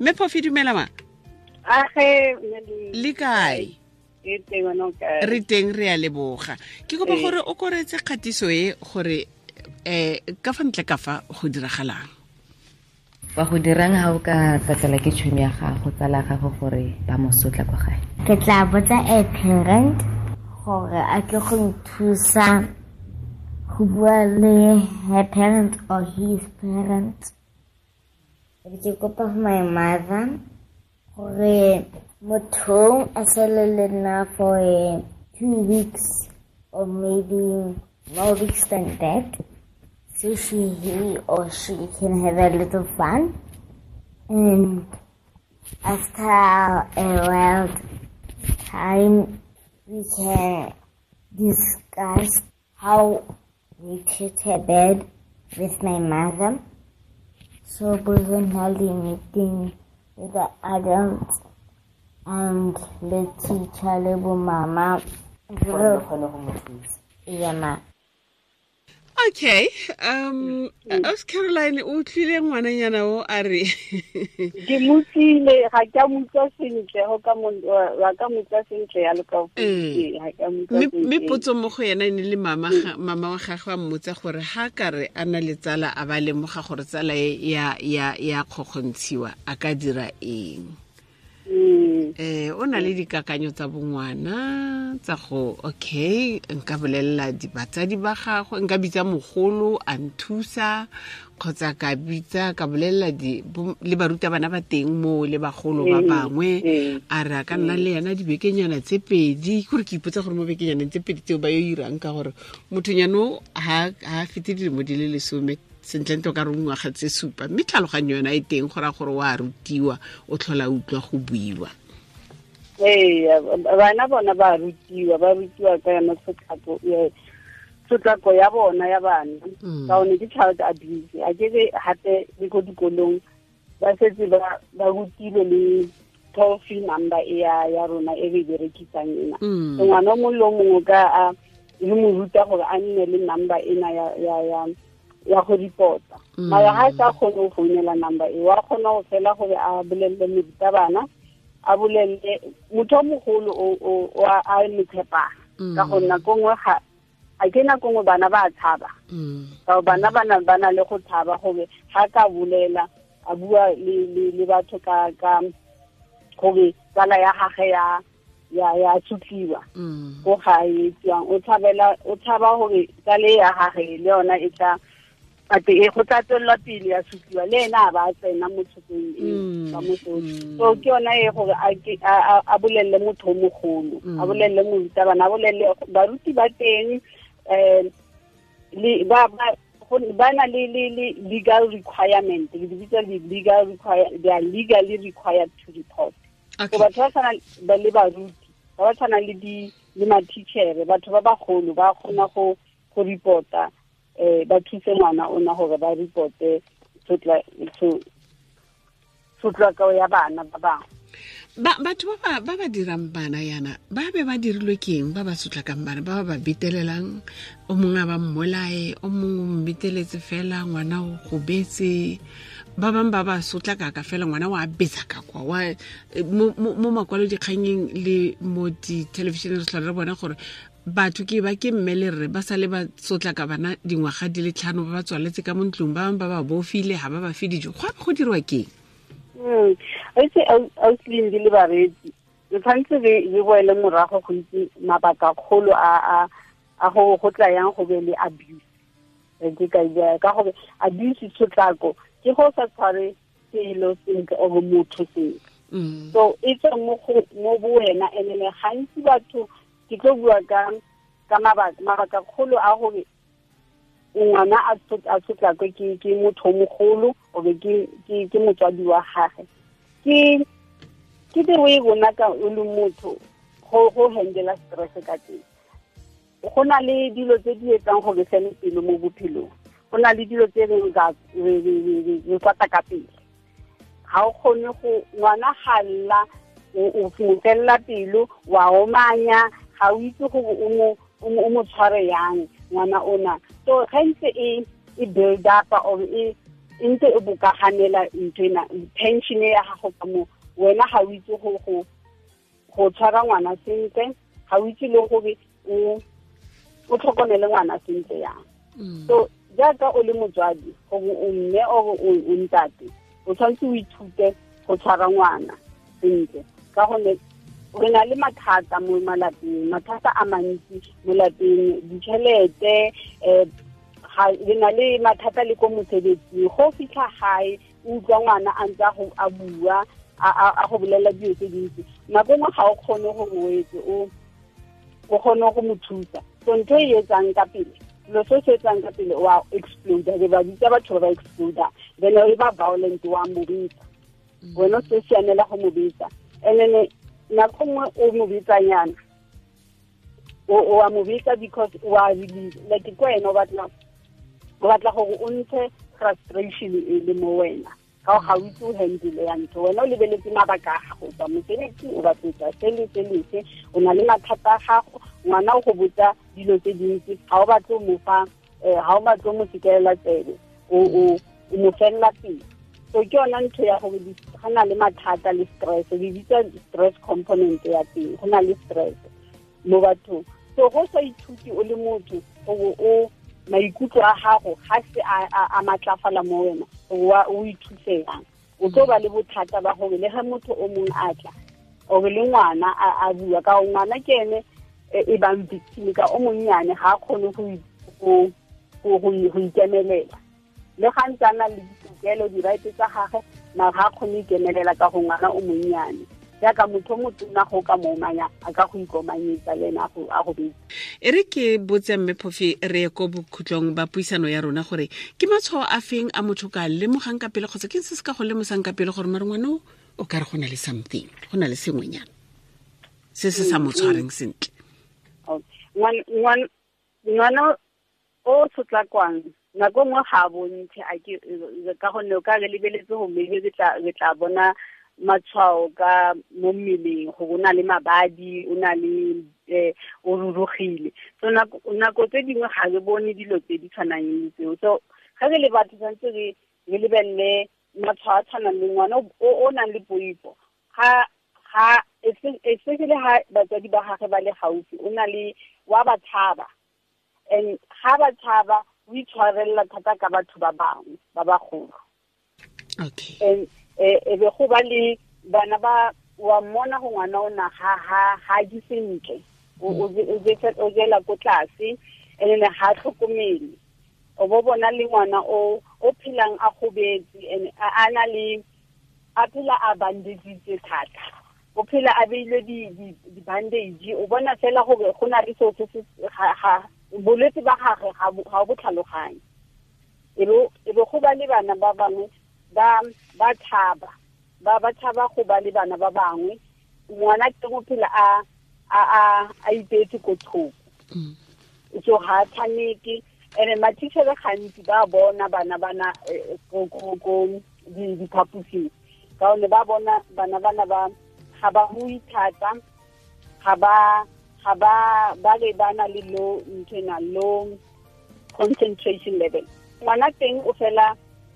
mme phofi dumelama age le kae re teng re a leboga ke kopa gore eh. o koretse kgatiso e gore eh ka fa ntle ka fa go diragalang wa go dirang ha o ka tsatlala ke tšhomi ya gago tsala gago gore ba mosotla kwa gae ke tla botsa a parent gore a tle go nthusa go bua le her parent or his parents Βγήκω Παχμαϊμάδα for Moto as well now for two weeks or maybe more weeks than that. So she, he or she can have a little fun. And after a while time, we can discuss how we treat her bed with my mother so good and healthy meeting with the adults and the teacher, little mama. Yeah, ma. okay um mm. mm. of caroline o tlile ngwananyana o a re ke motlile ga ka motsa sentle go ka wa ka motsa sentle ya loka mme mm. potso mo go yena e ne le mama mama wa gagwe a mmotsa gore ha ka re a na le tsala a ba lemoga gore tsala e ya ya ya kgokgontshiwa a ka dira eng eh o na le dikakanyo tsa bongwana tsa go okay nka bolelela dibatsadi ba gagwe nka bitsa mogolo a nthusa kgotsa ka bitsa ka bolelela le baruta bana ba teng mo le bagolo ba mm-hmm. bangwe mm-hmm. a re a ka nna le yana dibekenyana tse pedi gore ke ipotsa gore mo bekenyaneng tse pedi tseo ba yo irang ka gore mothonyano ga fete dilemo di le lesome sentlentle o ka re ngwaga tse supa mme tlhaloganyo yona e teng gora gore o a rutiwa o tlhola utlwa go buiwa ee bana bona ba rutiwa ba rutiwa ka yona tshotlako eh, ya bona ya bana mm. ka one ke child abuse a kebe gape le ko dikolong ba setse ba rutilwe le toll free number e ya rona e re e berekisang ena mm. so ngwana o mongwe le o mongwe ka a le mo ruta gore a nne le number ena ya go report-a mm. mara ga a sa kgone go founela number e wa kgona go fela gore a bolelele morutabana a bolelle motho o mogolo a le tshepa mm. ka go nna go ga a ke na go bana ba tshaba mm. ka bana bana bana le go tshaba gobe ga ka bolela a bua le le le batho ka ka gobe tsala ya gagwe ya ya ya tshukiwa go mm. ga e tswang o tshabela o tshaba gore tsale ya gagwe le yona e tla ate eh, go tsa tswelela pele ya supiwa le ena a ba a tsena mo tshokong e ba mm, mosotho mm. so ke yona e gore a bolelele motho o mogolo a mm. bolelele morutabana a bolelele baruti ba teng um ba na le legal requirement ke dibitsa legal they are legally required to report so batho ba tshwana le baruti ba ba tshwana le ma-teachere batho ba bagolo ba kgona go reporta eh ba thuse ngwana ona gore ba reporte kao ya bana ba bangwe batho ba ba dirang bana yana ba be ba dirilwe ke eng ba ba sotlakang bana ba ba ba betelelang o mongwe a ba mmolae o mongwe o mbeteletse fela ngwana o gobetse ba bangwe ba ba sotlaka ka fela ngwana o a betsa ka kwa mo makwalodikganyeng le mo dithelebišeneng re tlhole re bona gore batho ke ba ke mmele rre ba sale ba sotla ka bana dingwaga di le tlhano ba ba tswaletse ka mo ntlong ba bangwe ba ba bofile ga ba ba fe dijo go ape go dirwa keng hmm, itse auslin di le bareetsi re tshwanetse re boele morago go itse mabaka kgolo a go tla yang go be le abuse ke ka ka gore abuse tshotlako ke go sa tshware selo sentle or motho sentle mm. so e tswa mo bo wena and gantsi e batho Kito wakam, kama wakam, wakam kolo a hove, yon wana asot a kwe ki moutou mou kolo, ove ki moutou a di wakache. Ki, ki de we yon akam yon moutou, ho ho hende la stres se kate. O kon a li di lote di etan hove sen yon mou mou pilo. O kon a li di lote yon mou mou mou pilo. A ho kon yon mou mou mou mou pilo, wawo manya, ga o itse gore o mo tshware yang ngwana ona so ga ntse e e build up or e, e ntse e bokaganela nthoena pension ya gago ka mo wena ga o itse go tshwara ngwana sentle ga o itse le gore o tlhokomele ngwana sentle yang mm. so jaaka o le motswadi gore o mme or o ntate o tshwanetse o ithute go tshwara ngwana sentle ka gonne re na le mathata mo malapeng mathata a mantsi mo lapeng ditšhelete um re na le mathata le ko mosebetsing go fitlha gae o utlwa ngwana a ntse a bua a go bolela dilo tse dintsi nako ngwe ga o kgone go moetse o kgone go mo thusa so ntho e etsang ka pele selo se se etsang ka pele wa exploda ke ba bitsa batho ba ba exploda then e ba violent wa mo betsa mm. wena se sianela go mo betsa and then nako nngwe o mo o wa mo because wa like ko wena o batla gore o ntshe frustration e le mo wena ka o ga o itse o handle ya ntho wena o lebeletse mabaka a gago tsa mosebetsi o batlotsa sele selese o na le mathata a gago ngwana o go botsa dilo tse dintsi ga o batle o mo fa eh, ga o batle o mo sekelela tsebe o mo felela pele so ke yona ntho ya gore go na le mathata le stress di bitsa stress component ya teng go na le stress mo bathong so go sa ithuti o le motho o maikutlo a gago ga se a matlafala mo wena o ithusegang o tlo ba le bothata ba gore le ga motho o mongwe a tla ore le ngwana a bua ka ngwana ke ene e, e bang victim ka o monnyane ga a kgone go ikemelela le ga ntse a na le ditokelo di-right tsa gage mara ga kgone ikemelela ka go ngwana o monnyane jaaka motho o motona go ka moomanya a ka go ikomanyetsa le ena a go betsa e re ke botse mme phofi re ye ko bokhutlong ba puisano ya rona gore ke matshwao a feng a motho ka lemogang ka pele kgotsa ke se se ka go lemosang ka pele gore mare ngwana o ka re go na le something go na le sengwenyana se se sa mo tshwareng sentle ngwana o sotlakwang nako nngwe ga a bontshe ka gonne o ka re lebeletse go maybe re tla bona matshwao ka mo mmeleng go o na le mabadi o na le um o rurugile so nako tse dingwe ga re bone dilo tse di tshwanang le tseo so ga re le batho tshwanetse re lebelele matshwao a tshwanang le ngwana o nang le poifo ga ga especially e ha batswadi ba gage ba le gaufi o na le wa ba tshaba and ga ba tshaba o itshwarelela thata ka batho ba bangwe ba bagolo okay e, e be go ba le bana ba wa mona go ngwana o na ha ha ha di sentle o o jela ko tlase and then ha tlhokomele o bo bona le ngwana o o phelang a gobetse and a na le a phela a bandeditse thata o phela a beilwe di-bandage o bona fela gore go na le seo se ga bolwetse ba gagwe ga bo tlhaloganye e, e be go ba le bana ba bangwe ba tshaba ba ba thaba go ba le bana ba bangwe ngwana ke go phela a a a a ipetse go thoko mm. so ha tshaneke ene matitšhere gantsi ba bona bana bana go e, e, go di diphaposing ka one ba bona bana bana ba ga ba go ithata ga ba ga ba ba le bana le low ntena concentration level ngwana teng o fela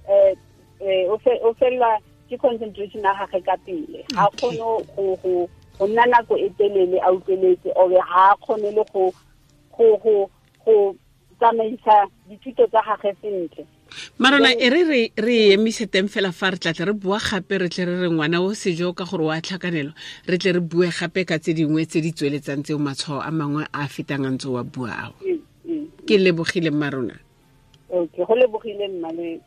eh, eh o fela ke concentration a gagwe ka pele ga kgone go go go nna nako e telele a utlweletse ore ga a kgone le go go go tsamaisa dithuto tsa gage sentle marona e re re emise teng fela fa re tlatle re bua gape re tle re re ngwana o sejo ka gore wa tlhakanelo re tle re bue gape ka tse dingwe tse di tsweletsang tseo matshwao a mangwe a fetang a ntse wa bua ao mm, mm, mm. ke lebogile marona okay go lebogile mmale